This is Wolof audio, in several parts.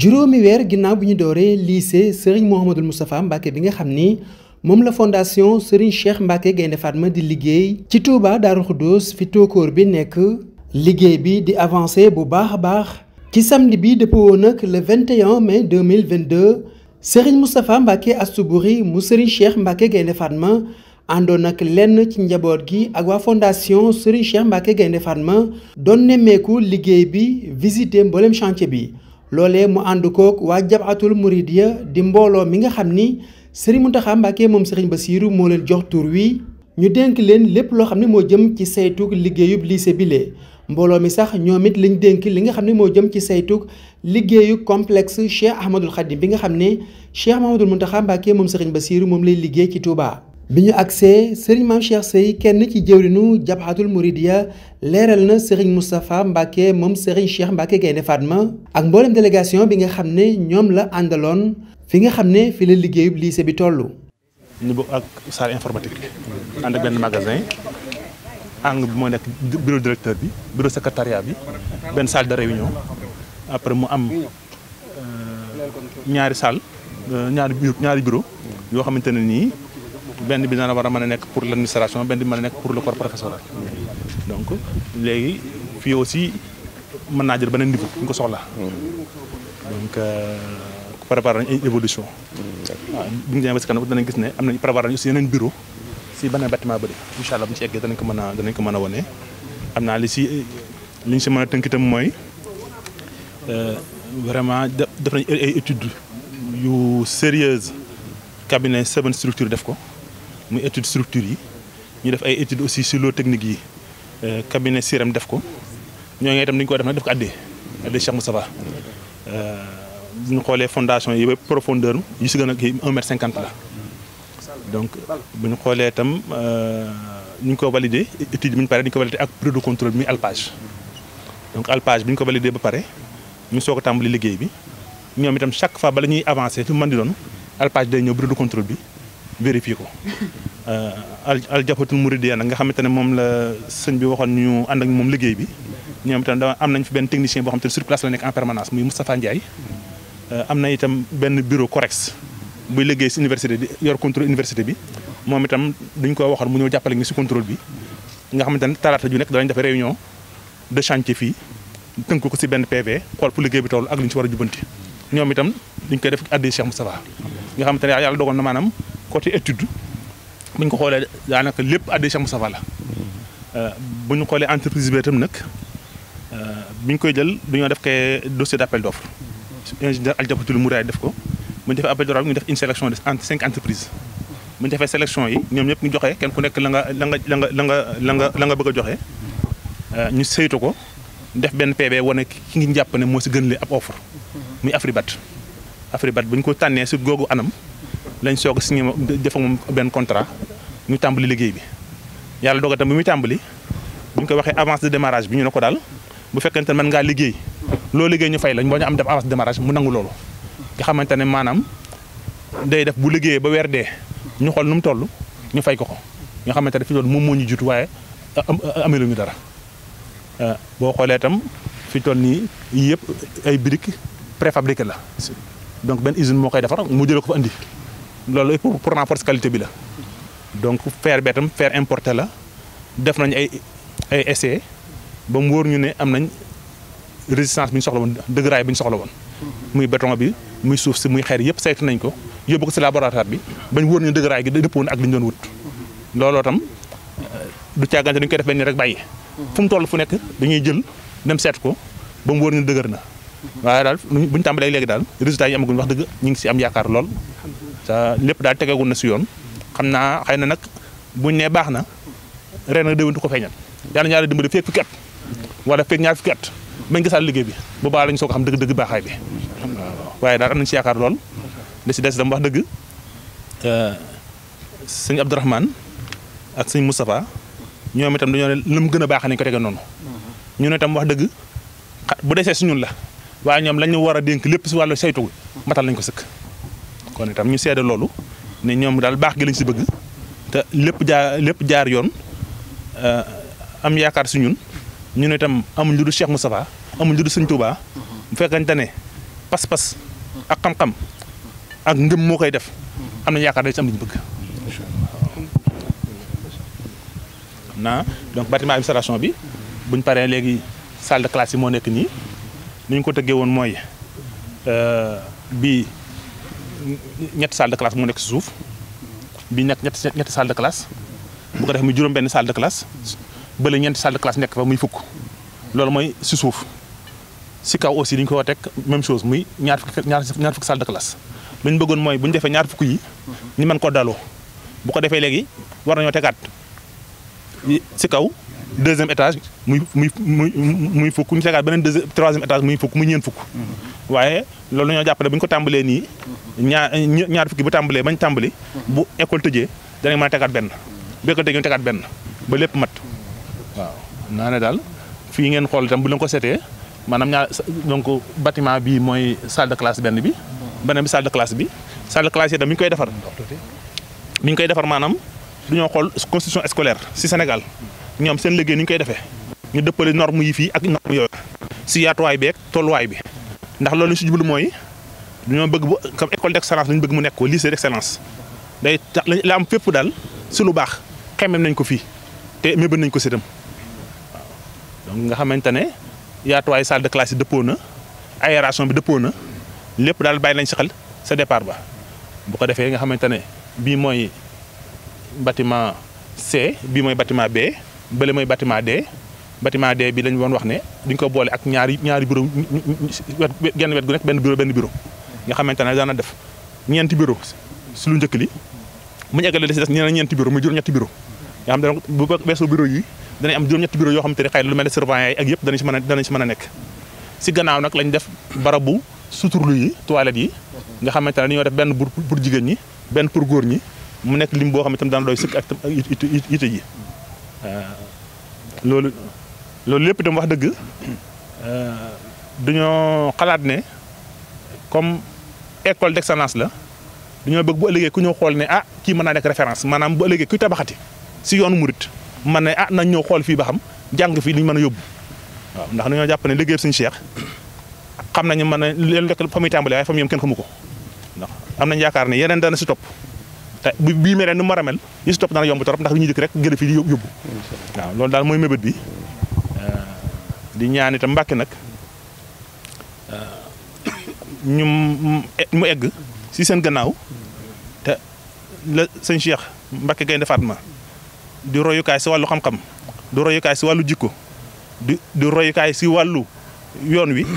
juróomi weer ginnaaw bi ñu dooree lycée Serigne Mouhamadul Moustapha Mbacke bi nga xam ni moom la fondation Serigne Cheikh Mbacke Gaynde Fatma di liggéey ci Touba Darou Khoudoss fi tóokóor bi nekk liggéey bi di avancé bu baax a baax ci samedi bi dëppoo nag le 21 mai 2022 Serigne Moustapha Mbacke Astouboury mu Serigne Cheikh Mbacke Gaynde Fatma àndoon nag lenn ci njaboot gi ak waa fondation Serigne Cheikh Mbacke Gaynde Fatma doon nemmeeku liggéey bi visité mboolem chantier bi. loolee mu ànd kook waa jabaatul muridiya di mbooloo mi nga xam ni sëriñ Muntaxa Mbàkke moom sëriñ Basiiru moo leen jox tur wii ñu dénk leen lépp loo xam ne moo jëm ci saytug liggéeyub lycée bi lee mbooloo mi sax ñoom it lañ dénk li nga xam ne moo jëm ci saytug liggéeyu complexe Cheikh Ahmadul Xadim bi nga xam ne Cheikh Mahamadul Muntaxa Mbàkke moom sëriñ Basiiru moom lay liggéey ci Touba. bi ñu agsee sëriñ maam Cheikh Seye kenn ci jëwrinu jabhatul muridiya leeral na sëriñ Moustapha Mbacke moom sëriñ Cheikh Mbacke Gaynde Fatma ak mboolem délégation bi nga xam ne ñoom la àndaloon fi nga xam ne fi la liggéeyub lycée bi toll. ñu bokk ak salle informatique bi ànd ak benn magasin ang bi moo nekk bureau directeur bi bureau secrétariat bi benn salle de réunion après mu am euh, ñaari salle euh, ñaari ñaari bureau yoo xamante ne nii. benn bi dana war a mën a nekk pour l' administration benn bi mën a nekk pour le corps professoral donc léegi fii aussi mën naa jël beneen niveau bu ñu ko soxla donc euh, préparé nañu évolution waaw hmm. ah, bu ñu demee danañ gis ne am nañ préparé nañu aussi si beneen bâtiment bëri incha allah bu ñu ci eggee ko mën a danañ ko mën a wane am naa li si li ñu si mën a tënk mooy euh, vraiment def nañ ay études yu sérieuses cabinet seven structure def ko mu étude structure yi ñu def ay étude aussi sur le technique yi euh, cabinet siram def ko ñoo ngi itam dañu ko def nag def ko addee addee Cheikh Moustapha bu euh, ñu xoolee fondation yi ba profondeur yu si gën a kii 1 mètre 50 la donc bu ñu xoolee itam euh, ñu ko validé étude bi ñu pare dañu ko validé ak prix de contrôle bi muy alpage donc alpage bi ñu ko validé ba pare ñu soog a tàmbali liggéey bi ñoom itam chaque fois bala ñuy avancé fi mu mën di doon alpage day ñëw bureau de contrôle bi vérifié ko euh, al al jafatul muridiyya nag nga xamante ne moom la sëñ bi waxoon ñu ànd ak moom liggéey bi ñoom itam da am nañ fi benn technicien boo xam te ne sur place la nekk en permanence muy Moustapha Ndiaye euh, am na itam benn bureau COREX buy liggéey si université bi yor contrôle université bi moom itam duñ ko waxoon mu ñëw jàppale ñu si contrôle bi nga xamante ne talaata ju nekk danañ def réunion de chantier fii tënk ko si benn PV xool fu liggéey bi toll ak lu ñu si war a jubbanti ñoom itam koy def addi Cheikh Moustapha nga xamante ne yàlla dogal côté étude buñ ko xoolee daanaka lépp addi mu Moustapha la bu ñu xoolee entreprise bi itam nag bi ñu koy jël dañoo def kay dossier d' appel d' offre ingénieur Aldiabatul Mouraay def ko bu ñu defee appel d' def une sélection de cinq entreprises bu ñu defee sélection yi ñoom ñëpp ñu joxe kenn ku nekk la nga la nga la nga la nga la nga la nga bëgg a joxe ñu saytu ko def benn PB wane ki ngi jàpp ne moo si gën le ab offre muy Afribat Afribat bu ñu ko tànnee si googu anam lañ soog si signé ma ak moom benn contrat ñu tàmbali liggéey bi yàlla dogal tam bi muy tàmbali bu ñu ko waxee avance de démarrage bi ñu ne ko daal bu fekkente ne mën ngaa liggéey loolu liggéey ñu fay lañ boo ñu am def avance mu nangu loolu nga xamante ne maanaam day def bu liggéeyee ba weer dee ñu xool nu mu toll ñu fay ko ko nga xamante ne fi loolu moom moo ñu jiitu waaye amelu ñu dara euh, boo xoolee itam fi toll nii yëpp ay briques préfabriquées la donc benn usine moo koy defar mu jëlee ko fa andi loolu yëpp pour naa force qualité bi la donc fer bi tam fer importé la def nañ ay ay ba mu wóor ñu ne am nañ résistance bi ñu soxla woon dëgëraay bi ñu soxla woon. muy béton bi muy suuf si muy xeer yëpp saytu nañ ko yóbbu ko si laboratoire bi bañ wóor ñu dëgëraay gi dëppoo woon ak li doon wut. looloo tam du càggante dañ koy def benn rek bàyyi. fu mu toll fu nekk dañuy jël dem seet ko ba mu wóor ñu dëgër na. waaye daal bu ñu tàmbalee léegi daal résultat yi wax dëgg ñu ngi si am yaakaar lool. lépp daal tegagul na si yoon xam naa xëy na nag buñ ne baax na ren na déwéntu ko feeñal yàlla ñaari dimbali feeg fukki at wala feeg ñaar fukki at bañ gisaat liggéey bi bu baax lañ soo ko xam dëgg-dëgg baaxaay bi waaye daal am nañ si yaakaar lool li si des dama wax dëgg sëñ Abdourahmane ak sëñ Moustapha ñoom itam dañoo ne mu gën a baax nañ ko tege noonu ñu ne itam wax dëgg bu desee si ñun la waaye ñoom lañu war a dénk lépp si wàllu saytu matal nañ ko sëkk kon itam ñu seede loolu ne ñoom daal baax gi lañ si bëgg te lépp jaar lépp jaar yoon euh, am yaakaar si ñun ñu ne tam amuñ lu du Cheikh Moustapha amuñ lu du Sëñ Touba bu fekkante ne pas-pas ak xam-xam ak ngëm moo koy def am na yaakaar dañ si am liñ bëgg. na donc bâtiment administration bi buñ paree léegi salle de classe yi moo nekk nii ni ñu ko tëggee woon mooy euh, bii. ñetti salle de classe moo nekk si suuf bi nekk ñetti ñetti salle de classe bu ko defee muy juróom-benn salle de classe bële ñeenti salle de classe nekk fa muy fukk loolu mooy si suuf si kaw aussi dañu ko teg même chose muy ñaar ñaar fukk salle de classe. lu ñu bëggoon mooy bu ñu defee ñaar fukk yi ñu mën koo daloo bu ko defee léegi war nañoo tegaat si kaw deuxième étage muy muy muy muy fukk ñu tegaat beneen deuxième troisième étage muy fukk muy ñeent fukk waaye. loolu ñoo jàppale ne bu ñu ko tàmbalee nii ñaar ñaar fukki bu tàmbalee bañ tàmbali bu école tëjee danañ mën a tegaat benn bu école tëjee ñu tegaat benn ba lépp mat waaw naa ne daal fii ngeen xool itam bu leen ko seetee maanaam ñaar donc bâtiment bi mooy salle de classe benn bi beneen bi salle de classe bi salle de classe yi itam mi ngi koy defar mi ngi koy defar maanaam duñoo xool constitution scolaire si Sénégal ñoom seen liggéey ni ñu koy defee ñu dëppale norme yi fii ak norme yooyu si yaatuwaay beeg tolluwaay bi ndax loolu si jublu mooy ñoo bëgg bu comme école d'excellence lañu bëgg mu nekk ko lycée d'excellence day tax la am fépp daal si lu baax xemmeem nañ ko fii te mébën nañ ko si dem nga xamante ne yaatuwaay salle de classe yi dëppoo na aération bi dëppoo na lépp daal bàyyi nañ si xel sa départ ba bu ko defee nga xamante ne bii mooy bâtiment C bii mooy bâtiment B bële mooy bâtiment D bâtiment D bi lañu woon wax ne duñ ko boole ak ñaari ñaari bureau genn wet gu nekk benn bureau benn bureau nga xamante ne daana def ñeenti bureau si lu njëkk li mu ñu eggale des des ñeneen ñeenti bureau muy juróom-ñetti bureau nga xam ne bu weesoo bureau yi am juróom-ñetti bureau yoo xamante ne xëy na lu mel ne surveillant yi a danañ si mën a nekk si gannaaw nag lañ def barabu suturlu yi toilettes yi nga xamante ne dañoo def benn pour pour jigéen ñi benn pour góor ñi mu nekk lim boo xam ne itam dana doy sëkk ak itam ite yi loolu lépp itam wax dëgg duñoo xalaat ne comme école d'excellence la duñoo bëgg bu ëllëgee ku ñëw xool ne ah kii mën naa nekk référence maanaam bu ëllëgee ku tabaxati si mu murit man ne ah nañ ñëw xool fii ba xam jàng fii li ñu mën a yóbbu waaw ndax dañoo jàpp ne liggéeyam suñu Cheikh xam nañu mën a leen lekk fa muy tàmbalee waaye fa mu ko ndax am nañ yaakaar ne yeneen dana si topp te bu bii mereen nu mu war a mel ñu si topp dana yomb torop ndax li ñu dëkk rek gën fii di yóbbu waaw loolu daal mooy mébét bi di ñaan itam Mbàkke nag ñu mu egg si seen gannaaw te la sëñ Cheikh Mbàkke Gaynde ma di royukaay si wàllu xam-xam di royukaay si wàllu jikko di di royukaay si wàllu yoon wi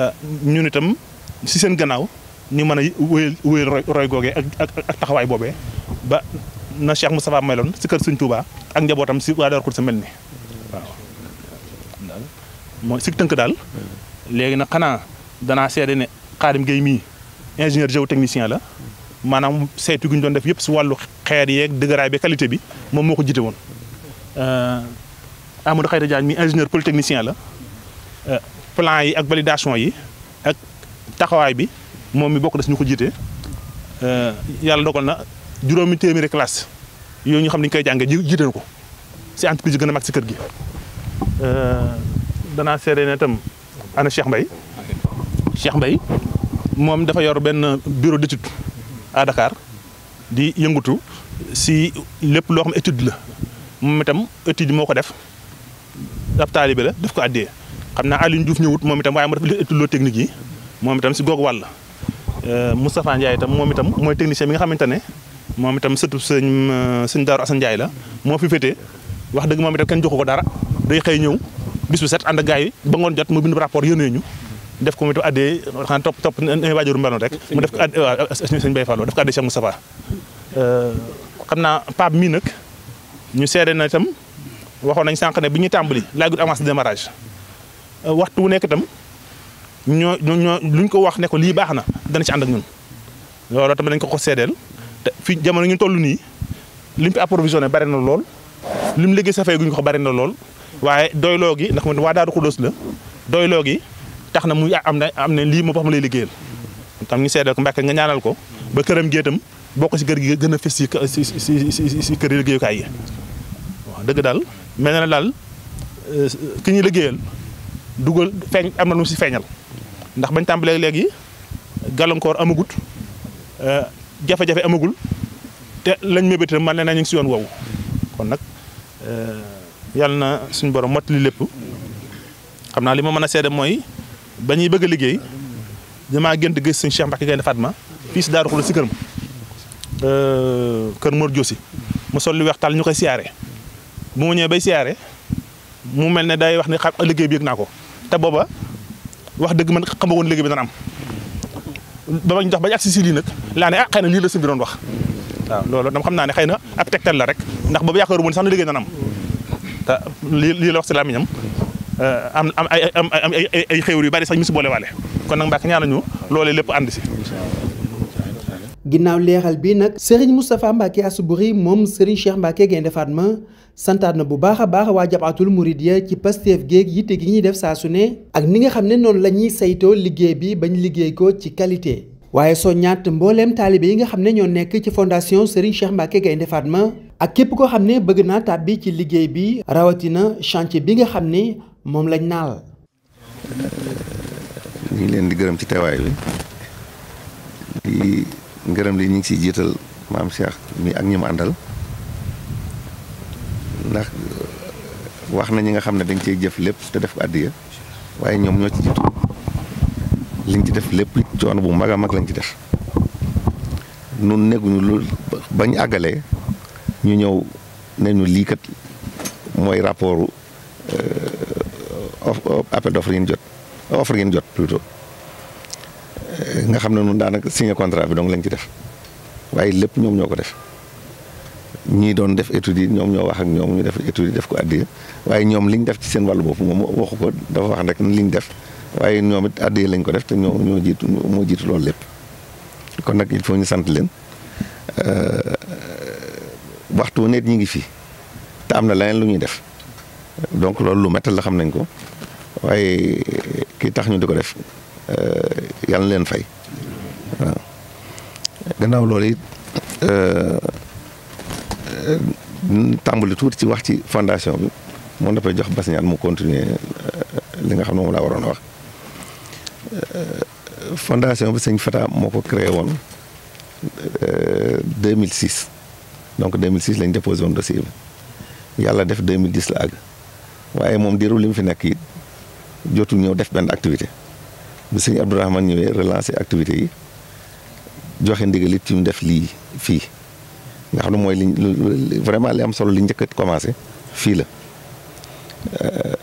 ah, ñun itam si seen gannaaw ñu mën a wéyal wéyal roy googee ak taxawaay boobee ba na Cheikh Moustapha meloon si kër Sëñ Touba ak njabootam si waa Darou Khoudoss mel ni waaw mooy si tënk daal léegi nag xanaa dana seede ne Xaadim Gueye mii ingénieur géotechnicien la maanaam saytu gi ñu doon def yëpp si wàllu xeer yee dëgëraay bi qualité bi moom moo ko jite woon. a euh, Amadou Khayda Diagne mii ingénieur polytechnicien la euh, plan yi ak validation yi ak taxawaay bi moom mi bokk des ñu ko jiite euh, yàlla dogal na juróomi téeméeri classe yooyu ñu xam ne ñu koy jàngee jiite na ko si entreprise yi gën a mag si kër gi. danaa seere ne itam ana Cheikh Mbaye Cheikh Mbaye moom dafa yor benn bureau d'étude à di yëngatu si lépp loo xam étude la moom itam étude moo ko def ab taalibe la daf ko àddee xam naa Alioune Diouf ñëwut moom itam waaye moo def li étude loo technique yi moom itam si googu wàll euh, Moustapha Ndiaye itam moom itam mooy technicien bi nga xamante ne moom itam surtout sëñ euh, sëñ Daaru Assane Ndiaye la moo fi féetee wax dëgg moom itam kenn joxu ko dara day xëy ñëw bis bu set ànd ak yi ba ngoon jot mu bind rapport yónnee ñu def ko mu itam addee xanaa rek mu def ko add waaw sëñ Baye Fallou def euh, xam naa Pape mii nag ñu seede na itam waxoon nañ sànq ne bi ñuy tàmbali laajul avance de démarrage euh, waxtu wu nekk itam ñoo ñoo luñ ko wax ne ko lii baax na dana ci ànd ak ñun loolu tamit dañ ko ko seedeel te fi jamono ñu toll nii lim fi approvisionné bari na lool lim liggéey sa fay guñ ko bari na lool waaye doyloo gi ndax waa Daaru Xudóos la doyloo gi tax na muy am na am na lii moo xam lay liggéeyal tam ñu seedal ko Mbàkke nga ñaanal ko ba këram géetam bokk si kër gi gën a fës si si si si kër liggéeyukaay yi waaw dëgg daal mel na daal euh, ki ñuy liggéeyal dugal feeñ am na lu si feeñal ndax bañ tàmbalee léegi gàllankoor amagut euh, jafe-jafe amagul te lañ mébéti man ne na ñu ngi si yoon woowu kon nag euh, yàlla na suñu borom mottali lépp xam naa li ma mën a seede mooy ba ñuy bëgg a liggéey damaa gënt gis suñu Cheikh Mbacke Gaynde Fatma fii si Daaru Xudoos si këram euh, kër Mor Diosi mu sol lu weex tàll ñu koy siyaare bu mu ñëwee bay siyaare mu mel ne daay wax ne xam liggéey bi yëg naa ko te booba wax dëgg man xam woon liggéey bi dana am ba ma ñu ba ñu agsi si lii nag laa ne ah xëy na lii la suñu bi doon wax loolu dama xam naa ne xëy na ab tegtal la rek ndax booba yaakaaru woon sax na liggéey dana am te lii lii la wax si làmmiñam eh, am am ay am ay ay xéwal yu bari sax ñu si boole waale kon nag Mbàkke ñaanañu loolee lépp ànd si. ginnaaw leeral bi nag Serigne Moustapha Mbacke Assouboury moom Serigne Cheikh Mbacke Gaïndé ma santaat na bu baax a baax waa Jabaatul Mouridiya ci Pastef géeg yitte gi ñuy def saa su ne ak ni nga xam ne noonu la ñuy saytoo liggéey bi bañ liggéey ko ci qualité. waaye soññaat mbooleem taalibe yi nga xam ne ñoo nekk ci fondation Serigne Cheikh Mbacké Gaïndé Fatma ak képp koo xam ne bëgg naa tàbbi ci liggéey bi rawatina chantier bi nga xam ne moom lañ naal. ñu ngi leen di gërëm ci teewaay bi ngërëm li ñu ngi siy jiital maam Cheikh mii ak ñi mu àndal ndax wax na ñi nga xam ne dañ ciy jëf lépp te def ko àddiya waaye ñoom ñoo ci jiitu. liñ ci def lépp coono bu mag a mag lañ ci def nun neguñu lu bañ àggalee ñu ñëw ne ñu lii kat mooy rapport euh, appel d'offre yi ñu jot offre yi jot plutôt euh, nga xam ne nun daanaka signé contrat bi donc lañ ci def waaye lépp ñoom ñoo ko def ñii doon def études yi ñoom ñoo wax ak ñoom ñu def études def ko addiya waaye ñoom liñ def ci seen wàllu bopp moom waxu ko dafa wax rek liñ def waaye ñoom it àddee lañ ko def te ñoo ñoo jiitu moo jiitu loolu lépp kon nag il faut ñu sant leen euh, waxtu neet ñi ngi fii te am na leneen lu ñuy def donc loolu lu métti la xam nañ ko waaye kii tax ñu di ko def euh, yàlla na leen fay waaw gannaaw loolu it euh, tàmbali tuuti ci wax ci fondation bi moo dafay jox basiñaan mu continuer li nga xam ne moom laa waroon a wax Euh, fondation bi sëñ Fata moo ko créé woon 2006 euh, donc 2006 lañ déposé woon dossier yàlla def 2010 la àgg waaye moom diiru li mu fi nekk it jotul ñëw def benn activité bi sëñ Abdourahmane ñëwee relancé activité yi joxe ndigal it ci def lii fii nga xam ne mooy li vraiment li am solo li njëkk a commencé fii la euh,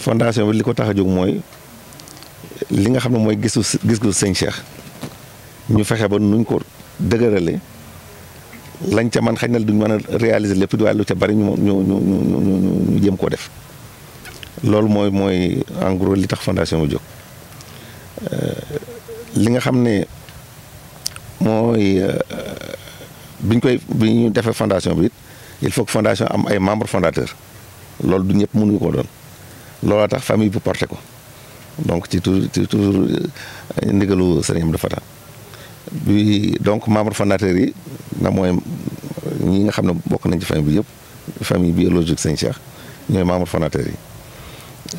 fondation bi li ko tax a jóg mooy. li nga xam ne mooy gisu gis-gisu sëñ Cheikh ñu fexe ba nuñ ko dëgërale lañ ca man xañ na duñ mën a réaliser lépp waaye lu ca bari ñu ñu ñu ñu ñu jëm koo def loolu mooy mooy en li tax fondation bu jóg euh, li nga xam ne mooy euh, biñ koy bi ñu defee fondation bi il faut que fondation am ay membres fondateurs loolu du ñëpp mënuñu ko doon looloo tax famille bu porté ko. donc ci toujours toujours euh, ndigalu sëriñ Abdou Fatah bi donc membre fondateur yi nga mooy ñi nga xam ne bokk nañ ci famille bi yëpp famille biologique sëñ Cheikh ñooy membre fondateur yi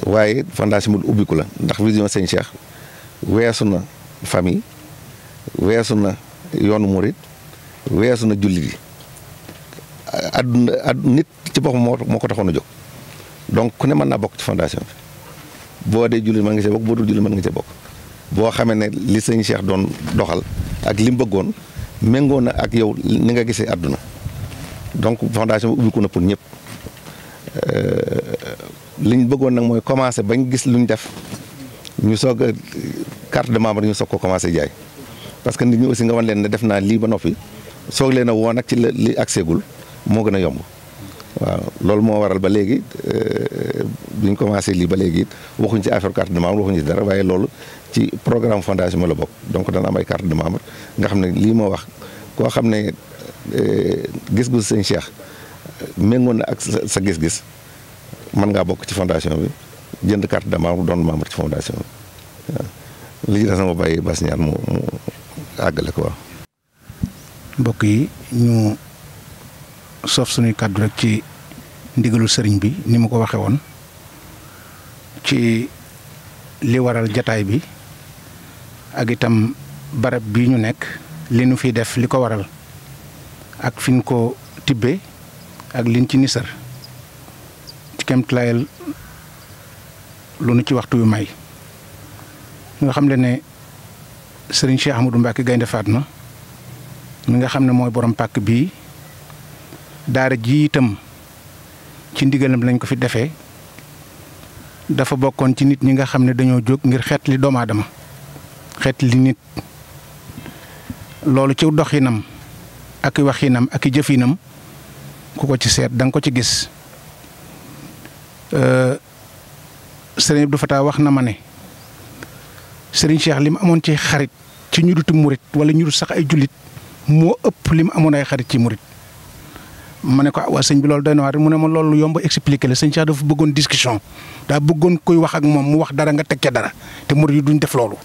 waaye fondation bi ubbiku la ndax vision sëñ Cheikh weesu na famille weesu na yoonu murit weesu na jullit yi adduna nit ci boppam moo moo ko taxoon a jóg donc ku ne mën naa bokk ci fondation bi boo dee jullit ma nga cee bokk boo dul jullit mën nga cee bokk boo xamee ne li sëñ Cheikh doon doxal ak li mu bëggoon méngoo na ak yow ni nga gisee àdduna donc fondation bi ubbiku na pour ñëpp euh, li ñu bëggoon nag mooy commencé bañ gis luñ def ñu soog a carte de membre ñu soog ko commencé jaay parce que nit ñi aussi nga wan leen ne def naa lii ba noppi soog leen a woo nag ci la li ak seegul moo gën a yomb waaw loolu moo waral ba léegi euh, bi ñu commencé lii ba léegi waxuñ ci affaire carte de membre waxuñ ci dara waaye loolu ci programme fondation bi la bokk donc dana am ay carte de membre nga xam ne lii ma wax koo xam ne euh, gis-gis sëñ Cheikh méngoon na ak sa gis-gis mën ngaa bokk ci fondation bi jënd carte de membre doon membre ci fondation bi waaw li ci des na bàyyi bas mu mu àggale ko waaw. mbokk yi ñu sof suñuy kàddu rek ci ndigalu sëriñ bi ni mu ko waxee woon. ci li waral jataay bi ak itam barab bi ñu nekk li nu fi def li ko waral ak fin ko tibbe ak liñ ci nisar ci kemtlayal lu nu ci waxtu yu may nga xam le ne sëriñ Cheikh Ahmadou Mbacke Gaynde Fatma mi nga xam ne mooy borom pàkk bii daara ji itam ci ndigalam lañ ko fi defee dafa bokkoon ci nit ñi nga xam ne dañoo jóg ngir xeet li doomu li nit loolu ci doxinam ak i waxinam ak i jëfinam ku ko ci seet danga ko ci gis euh, sëriñ Abdou taa wax na ma ne sëriñ Cheikh li mu amoon ci xarit ci ñu dutu murit wala ñu dut sax ay jullit moo ëpp li mu amoon ay xarit ci murit ma ne ko ah, waa sëñ bi loolu doy na waar mu ne ma loolu yomb expliqué la sëñ Cheikh dafa bëggoon discussion daa bëggoon kuy wax ak moom mu wax dara nga teg ca dara te murid yi duñ def loolu.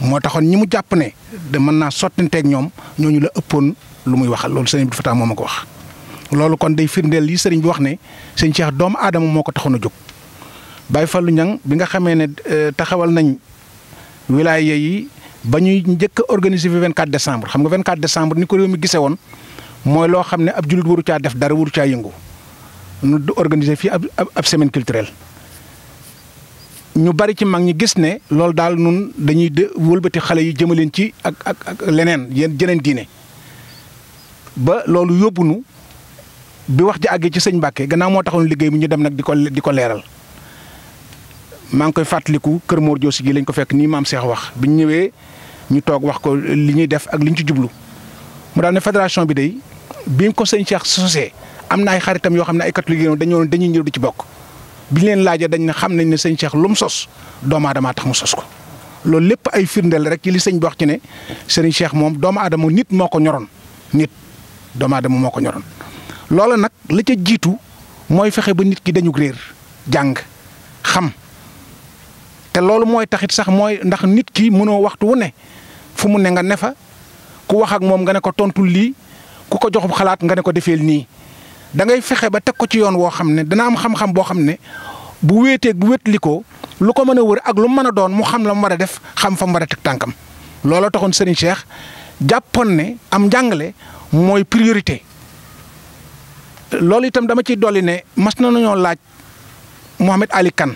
moo taxoon ñi mu jàpp ne de mën naa sottanteeg ñoom ñooñu la ëppoon lu muy waxal loolu sëñ bi dafa tax moo ma ko wax. loolu kon day firndeel li sëriñ bi wax ne sëñ Cheikh doomu aadama moo ko taxoon a jóg Baye Fallou Niang bi nga xamee ne euh, taxawal nañ wilaya yi ba ñuy njëkk a organiser fi 24 décembre xam nga 24 ni ko gisee woon. mooy loo xam ne ab jullit waru caa def dara waru caa yëngu nu du organiser fii ab ab semaine culturelle ñu bari ci mag ñi gis ne loolu daal nun dañuy de wëlbati xale yi jëmaleen ci ak ak ak leneen yéen jeneen diine ba loolu yóbbu nu bi wax ji àggee ci sëñ Mbàkke gannaaw moo taxoon liggéey bi ñu dem nag di ko di ko leeral maa ngi koy fàttaliku kër Mor Joosi gi lañ ko fekk nii maam Seex wax biñ ñëwee ñu toog wax ko li ñuy def ak liñ ci jublu. mu daal ne fédération bi day bi mu ko sëñ Cheikh sosee am na ay xaritam yoo xam ne ay catholique yi dañoo dañuy ñëw di ci bokk bi leen laajee dañ ne xam nañ ne sëñ Cheikh lu mu sos doomu aadamaa tax mu sos ko. loolu lépp ay firndeel rek ci li sëñ bi wax ci ne sëriñ Cheikh moom doomu aadama nit moo ko ñoroon nit doomu aadama moo ko ñoroon loola nag li ca jiitu mooy fexe ba nit ki dañu réer jàng xam te loolu mooy taxit sax mooy ndax nit ki mënoo waxtu wu ne fu mu ne nga ne ku wax ak moom nga ne ko tontu lii ku ko jox xalaat nga ne ko defeel nii dangay fexe ba teg ko ci yoon woo xam ne dana am xam-xam boo xam ne bu wéeteeg bu wétli ko lu ko mën a wër ak lu mën a doon mu xam la mu war a def xam fa mu war a teg tànkam. looloo taxoon Serigne Cheikh jàppoon ne am njàngale mooy priorité loolu itam dama ciy dolli ne mas nañoo laaj Mouhamed Ali Kane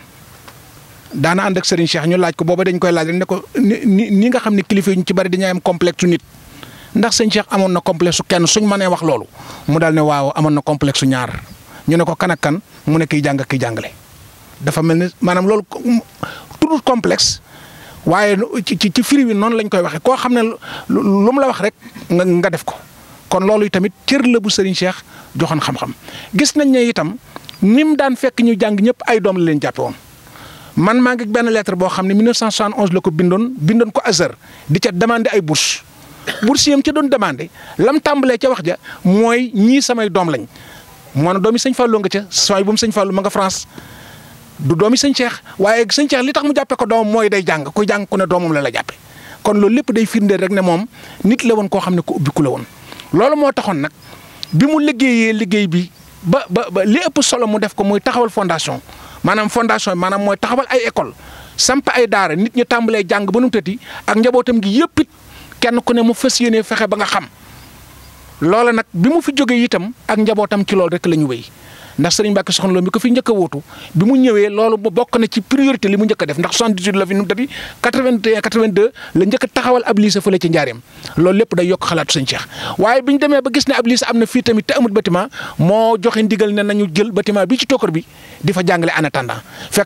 daana ànd ak Serigne Cheikh ñu laaj ko booba dañ koy laaj rek ne ko ni ni nga xam ne kilifa ñu ci bari dañuy am complexe nit. ndax sëñ Cheikh amoon na complexe kenn suñ manee wax loolu mu daal ne waaw amoon na complexe ñaar ñu ne ko kan kan mu ne kiy jàng ak kiy jàngale. dafa mel ni maanaam loolu tuddut complexe waaye ci ci firi wi noonu lañ koy waxee koo xam ne lu mu la wax rek nga nga def ko kon loolu tamit cër la bu sëriñ Cheikh joxoon xam-xam gis nañ ne itam nim daan fekk ñu jàng ñëpp ay doom la leen jàppe woon man maa ngi benn lettre boo xam ne 1971 la ko bindoon bindoon ko Azhar di ca demandé ay bourse bursiyam ca doon demandé lam tàmbalee ca wax ja mooy ñii samay doom lañ moo na doomi sëñ Fallou nga ca sooy bu mu sëñ Fallou ma nga France du doomi sëñ Cheikh waaye sëñ Cheikh li tax mu jàppee ko doomam mooy day jàng kuy jàng ku ne doomam la la jàppe kon loolu lépp day firndeel rek ne moom nit la woon koo xam ne ku ubbiku la woon loolu moo taxoon nag bi mu liggéeyee liggéey bi ba ba ba li ëpp solo mu def ko muy taxawal fondation maanaam fondation maanaam mooy taxawal ay école samp ay daara nit ñu tàmbalee jàng ba nu ak njabootam gi yëpp kenn ku ne mu fës yéene fexe ba nga xam loola nag bi mu fi jógee itam ak njabootam ci loolu rek la ñu wéy ndax sëriñ Mbacke Soxna Lo ko fi njëkk a bi mu ñëwee loolu mu bokk na ci priorité li mu njëkk def ndax 78 la fi nu tati 81 82 la njëkk a taxawal ab lycée fële ci njaareem loolu lépp day yokk xalaatu sëñ Cheikh waaye bi ñu demee ba gis ne ab lycée am na fii tamit te amut bâtiment moo joxe ndigal ne nañu jël bâtiment bi ci tokkar bi di jàngale en attendant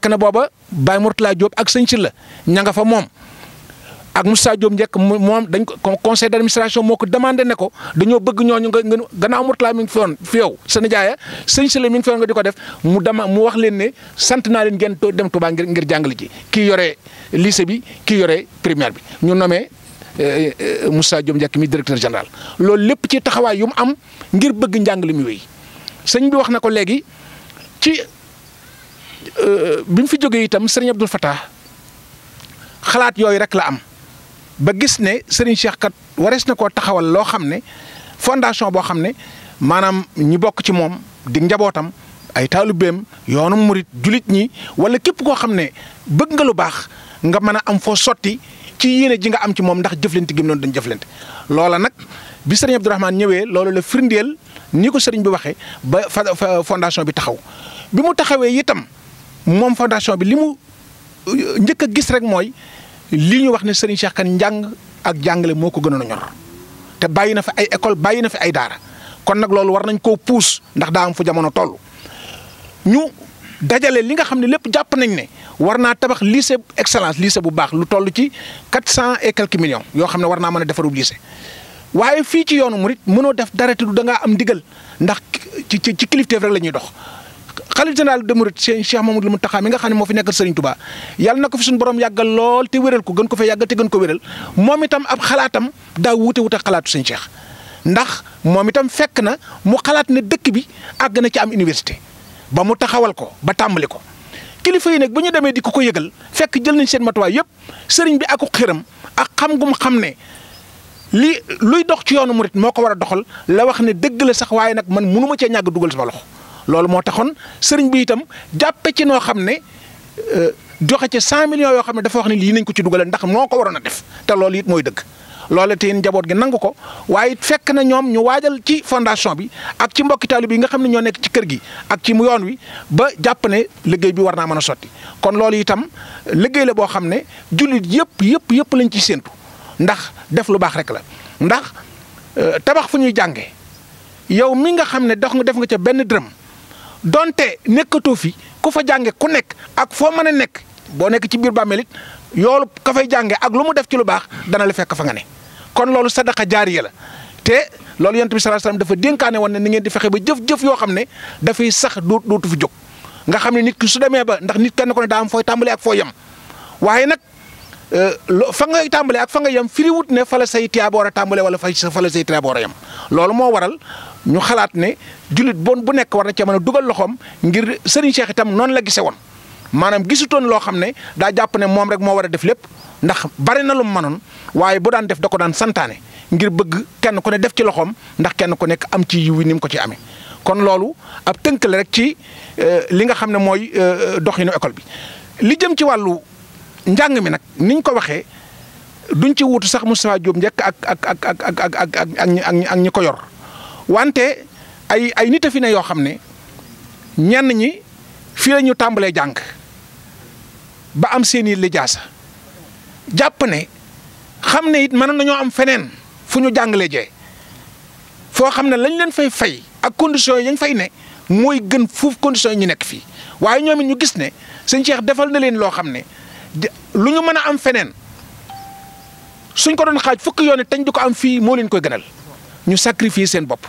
na booba Baye Mourtala Diop ak sëñ la ña nga fa moom ak Moussa Diop njëkk moom dañ ko conseil d' administration moo ko demandé ne ko dañoo bëgg ñooñu nga gannaaw Mourtala mi ngi fi woon yow sa nijaaya sëñ Sële mi nga di ko def mu dama mu wax leen ne sant naa leen ngeen dem Touba ngir ngir jàngale ji kii yore lycée bi kii yore primaire bi ñu nommé euh, euh, mussa Diop njekk mi directeur général. loolu lépp ci taxawaay yu am ngir bëgg njàngale mi wéy sëñ bi wax na ko léegi ci euh, bi mu fi jógee itam sëriñ Abdoul Fattah xalaat yooyu rek la am. ba gis ne Serigne Cheikh kat warees na koo taxawal loo xam ne fondation boo xam ne maanaam ñi bokk ci moom di njabootam ay taalubeem yoonu murit julit ñi wala képp koo xam ne bëgg nga lu baax nga mën a am foo sotti ci yéene ji nga am ci moom ndax jëflante gi mu doon dañ jëflante. loola nag bi Serigne Abdourahmane ñëwee loolu la firndeel ni ko Serigne bi waxee ba fondation bi taxaw bi mu taxawee itam moom fondation bi li mu njëkk a gis rek mooy. lii ñu wax ne Serigne Cheikh njàng ak jàngale moo ko gënoon a ñor te bàyyi na fi ay école bàyyi na fi ay daara kon nag loolu war nañ koo puus ndax daa am fu jamono toll ñu dajale li nga xam ne lépp jàpp nañ ne war naa tabax lycée excellence lycée bu baax lu toll ci quatre cent et yoo xam ne war naa mën a defarub lycée waaye fii ci yoonu it mënoo def dara te du da ngaa am ndigal ndax ci ci kilifteef rek la ñuy dox. xalif général de moom Cheikh Mamadou Mountakha mi nga xam ne moo fi nekkal Serigne Touba yàlla na ko fi suñu borom yàggal lool te wéral ko gën ko fee yàggal te gën ko wéral moom itam ab xalaatam daa wuute wuute xalaatu Serigne seex ndax moom itam fekk na mu xalaat ne dëkk bi àgg na ci am université ba mu taxawal ko ba tàmbali ko kilifa yi nag bu ñu demee di ko ko yëgal fekk jël nañ seen matuwaay yëpp sëriñ bi ak xiram ak xam gum xam ne li luy dox ci yoonu mu moo ko war a doxal la wax ne dëgg la sax waaye nag man mënu ma cee ñàgg dugal sama loxo loolu moo taxoon sëriñ bi itam jàppe ci noo xam ne euh, joxe ci cent millions yoo xam ne dafa wax ne lii nañ ko ci dugalee ndax noo ko waroon a def te loolu it mooy dëgg. loolu te njaboot gi nangu ko waaye fekk na ñoom ñu waajal ci fondation bi ak ci mbokki taalibe yi nga xam ne ñoo nekk ci kër gi ak ci mu yoon wi ba jàpp ne liggéey bi war naa mën a sotti kon loolu itam liggéey la boo xam ne jullit yëpp yëpp yëpp lañ ci séentu ndax def lu baax rek la ndax euh, tabax fu ñuy jànge yow mi nga xam ne dox nga def nga ca benn dërëm donte nekkatoo fi ku fa jànge ku nekk ak foo mën a nekk boo nekk ci biir bàmmeel it yoolu kafay fay jànge ak lu mu def ci lu baax dana la fekk fa nga ne kon loolu sadaqa jaariya la te loolu yonent bi sallallahu alayhi wasallam dafa dénkaane woon ne ni ngeen di fexe ba jëf-jëf yoo xam ne dafay sax du dootu fi jóg nga xam ne nit ki su demee ba ndax nit kenn ko ne daa am fooy tàmbali ak foo yem waaye nag Euh, lo fa ngay tàmbalee ak fa nga yem firiwut ne fa la say tiyaaba war a tàmbalee wala fa fa la say tiyaaba war a yem loolu moo waral ñu xalaat ne jullit bon bu nekk war na cee mën a dugal loxoom ngir sëriñ Cheikh itam noonu la gisee woon maanaam gisutoon loo xam ne daa jàpp ne moom rek moo war a def lépp ndax bari na lu mu mënoon waaye bu daan def da ko daan santaane ngir bëgg kenn ku ne def ci loxoom ndax kenn ku nekk am ci yiw ni mu ko ci amee. kon loolu ab tënk la rek ci euh, li nga xam ne mooy euh, doxinu école bi li njàng mi nag niñ ko waxee duñ ci wut sax Moustapha Diop njëkk ak ak ak ak ak ak ak ak ñi ko yor wante ay ay nit fi ne yoo xam ne ñenn ñi fii la ñu tàmbalee jàng ba am seeni lijaasa jàpp ne xam ne it na nañoo am feneen fu ñu jàngalee jee foo xam ne lañ leen fay fay ak conditions yañ fay ne mooy gën fuuf conditions yi ñu nekk fii waaye ñoom ñu gis ne sëñ Cheikh defal na leen loo xam ne. lu ñu mën a am feneen suñ ko doon xaaj fukk yoon tañ du ko am fii moo leen koy gënal ñu sacrifier seen bopp.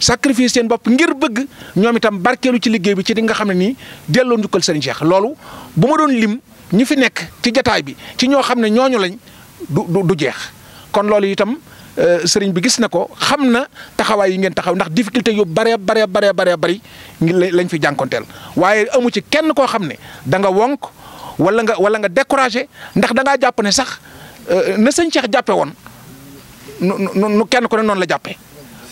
sacrifier seen bopp ngir bëgg ñoom itam barkeelu ci liggéey bi ci li nga xam ne nii delloo njukkal seen Cheikh loolu bu ma doon lim ñu fi nekk ci jataay bi ci ñoo xam ne ñooñu lañ du du jeex kon loolu itam. Euh, sëriñ bi gis ne ko xam na taxawaay yi ngeen taxaw ndax difficulté yu bare bare bare bare bëri lañ fi jànkonteel waaye amu ci kenn koo xam ne da nga wonk wala nga wala nga découragé ndax da ngaa ne sax euh, na sëñ Cheikh jàppe woon nu nu kenn ku ne noonu la jàppee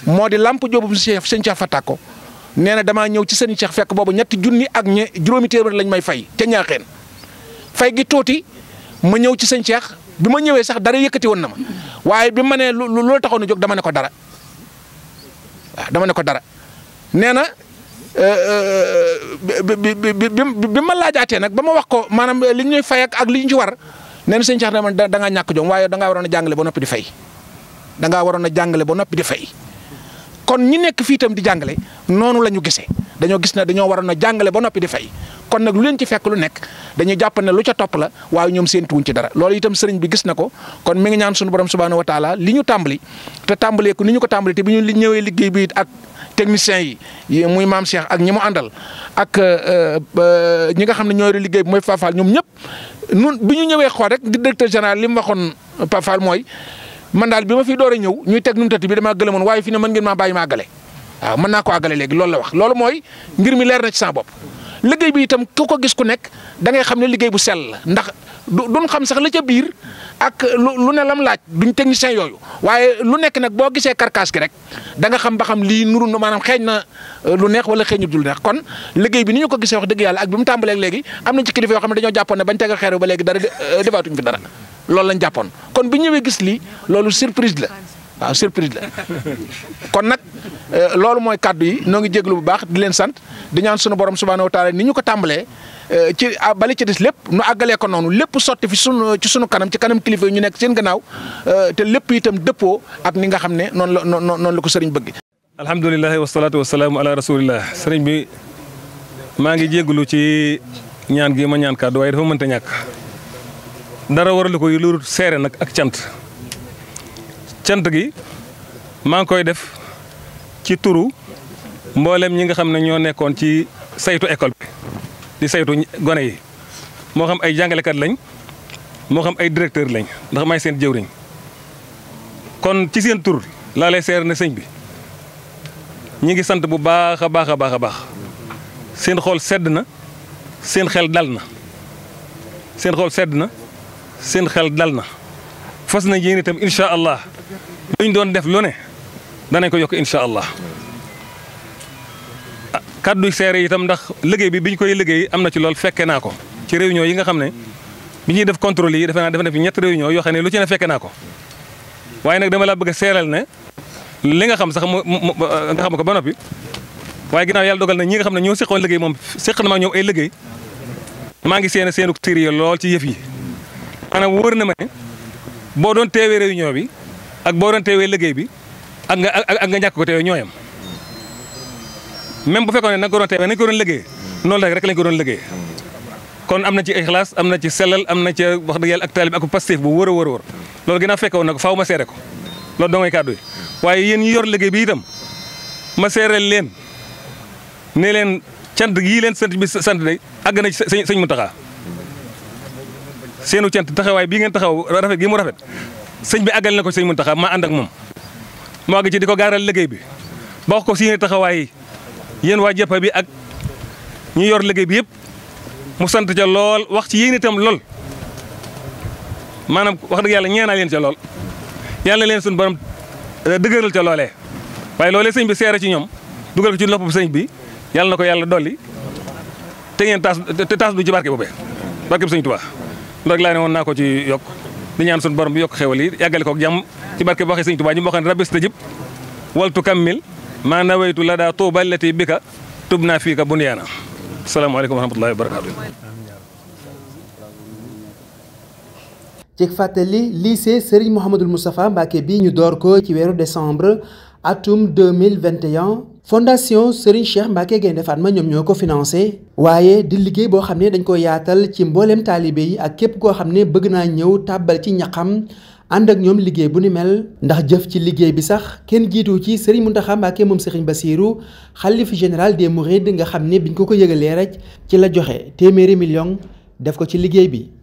moo di làmp jóobum Cheikh sëñ Cheikh Fatako nee na damaa ñëw ci sëñ Cheikh fekk boobu ñetti junni ak ñe juróomi téeméer lañ may fay ca ñaaxeen fay gi tuuti ma ñëw ci sëñ Cheikh bi ma ñëwee sax dara yëkkati woon na ma waaye bi ma nee lu loolu taxoon na jóg dama ne ko dara waaw dama ne ko dara nee na Euh, euh, euh, bi ma laajaatee nag ba ma wax ko maanaam li ñuy fay ak ak li ñu ci war nee na sëñ Cheikh ne ma da ngaa ñàkk jom waaye danga ngaa waroon a jàngale ba noppi fay da ngaa waroon a jàngale ba noppi di fay kon ñi nekk fii itam di jàngale noonu la ñu gisee dañoo gis ne dañoo waroon a jàngale ba noppi di fay kon nag lu leen ci fekk lu nekk dañu jàpp ne lu ca topp la waaye ñoom seen tuwuñ ci dara loolu itam sëriñ bi gis na ko kon mi ngi ñaan suñu borom subhaanahu wa taala li ñu tàmbali te tàmbalee ko ñu ko tàmbali te bi ñu ñëwee liggéey bi ak techniciens yi muy maam Cheikh ak ñi mu àndal ak euh, euh, ñi nga xam ne ñooy yore liggéey bi mooy Fafal ñoom ñëpp nun bi ñu ñëwee xool rek directeur général li mu waxoon Fafal mooy man daal bi ma fi door ñëw ñuy teg numtati bi damaa gëlëmoon waaye fi ne mën ngeen maa bàyyi maa gale waaw mën naa ko àggale léegi loolu la wax loolu mooy ngir mi leer na ci sa bopp liggéey bi itam ku ko gis ku nekk dangay xam ne liggéey bu sell la ndax du duñ xam sax la ca biir ak lu lu ne lam laaj duñ technicien yooyu waaye lu nekk nag boo gisee karkaas gi rek danga xam ba xam lii nuru na maanaam xeeñ na euh, lu neex wala xeeñu dul neex kon liggéey bi ni ñu ko gisee wax dëgg yàlla ak bi mu tàmbalee léegi am na ci kilifa yoo xam ne dañoo jàppoon ne bañ tegal xeer ba léegi dara euh, defaatuñ fi dara loolu lañ jàppoon kon bu ñëwee gis lii loolu surprise la waaw surprise la kon nag euh, loolu mooy kàddu yi noo ngi jéglu bu baax di leen sant di ñaan sunu borom subhanahu wa taala ni ñu ko tàmbalee Euh, ci ah, bali ci des lépp nu àggalee ko noonu lépp sotti fi sunu ci sunu kanam ci kanam kilifa yi ñu nekk seen gannaaw euh, te lépp itam dëppoo ak ni nga xam ne noonu la noonu la ko sëriñ bëgg. alhamdulilah wasalaatu wasalaamu ala rasulillah sëriñ bi maa ngi jégalu ci ñaan gi ma ñaan kàddu waaye dafa mënta ñàkk dara waralu ko yi lu seere nag ak cant cant gi maa ngi koy def ci turu mboolem ñi nga xam ne ñoo nekkoon ci saytu école bi. di saytu gone yi moo xam ay jàngalekat lañ moo xam ay directeur lañ ndax may seen jëwriñ kon ci seen tur laa lay seer na sëñ bi ñi ngi sant bu baax a baax a baax a baax seen xool sedd na seen xel dal na seen xool sedd na seen xel dal na fos na yéen itam incha allah luñ doon def lu ne danañ ko yokk incha allah kaddu seere itam ndax liggéey bi bi ñu koy liggéey am na ci lool fekke naa ko ci réunion yi nga xam ne bi ñuy def contrôle yi defe naa defe na fi ñett réunion yoo xam ne lu ci waaye nag dama laa bëgg seeral ne li nga xam sax mu euh, nga xam ko ba noppi waaye ginnaaw yàlla dogal na ñi nga xam ne ñoo seqoon liggéey moom seq na ma ñoom ay liggéey maa ngi seen seenuk sérieux lool ci yëf yi maanaam wóor na ma ne boo doon teewee réunion bi ak boo doon teewee liggéey bi ak nga ak nga ñàkk ko teewee ñooyam même bu fekkoon ne nag ko doon teewee nañ ko doon liggéey noonu rek rek lañ ko doon liggéey kon am na ci ixlaas am na ci sellal am na ci wax dëgg yàlla ak taalib ak pastéef bu wër a wër a wër loolu gën a fekkoon nag faaw ma seere ko loolu doo ngay kàddu yi waaye yéen ñi yor liggéey bi itam ma seereel leen ne leen cant yii leen sant bi sant day àgg na ci sëñ Muntaxa seenu cant taxawaay bii ngeen taxaw rafet gi mu rafet sëñ bi àggal na ko sëñ Muntaxa maa ànd ak moom maa ngi ci di ko gaaral liggéey bi ba ko si taxawaay yéen waa jëppa bi ak ñu yor liggéey bi yëpp mu sant ca lool wax ci yéen itam lool maanaam wax dëgg yàlla ñeena leen ca lool yàlla leen suñu borom euh, dëgëral ca loolee waaye loole sëñ bi seere ci ñoom dugal ko ci nopp sëñ bi yàlla na ko yàlla dolli te ngeen taas te taas du ci barke boobee barke bi sëñ Tuubaa loolu rek laa ne woon naa ko ci yokk di ñaan suñu borom bi yokk xewal yi yàggale ko jam jàmm ci barke bi waxee sëñ Tuubaa ñu waxoon rabis tajib waltu kammil maa nawaytu la daa tuuba allati bika tubnaa fiika bunyaana salaamaaleykum wa rahmatullahi wa barakaatu. ci fàttali lycée Serigne Mouhamadul Moustapha Mbacké bi ñu door ko ci weeru décembre atum 2021 fondation Serigne Cheikh Mbacké Gaïndé Fatma ñoom ñoo ko financé waaye di liggéey boo xam ne dañ ko yaatal ci mbooleem taalibe yi ak képp koo xam ne bëgg naa ñëw tàbbal ci ñaxam ànd ak ñoom liggéey bu ni mel ndax jëf ci liggéey bi sax kenn jiitu ci Serigne Mountakha Mbacké moom Serigne Bassirou xalif général des Mourides nga xam ne biñ ko ko yëgalee rek ci la joxe téeméeri million def ko ci liggéey bi.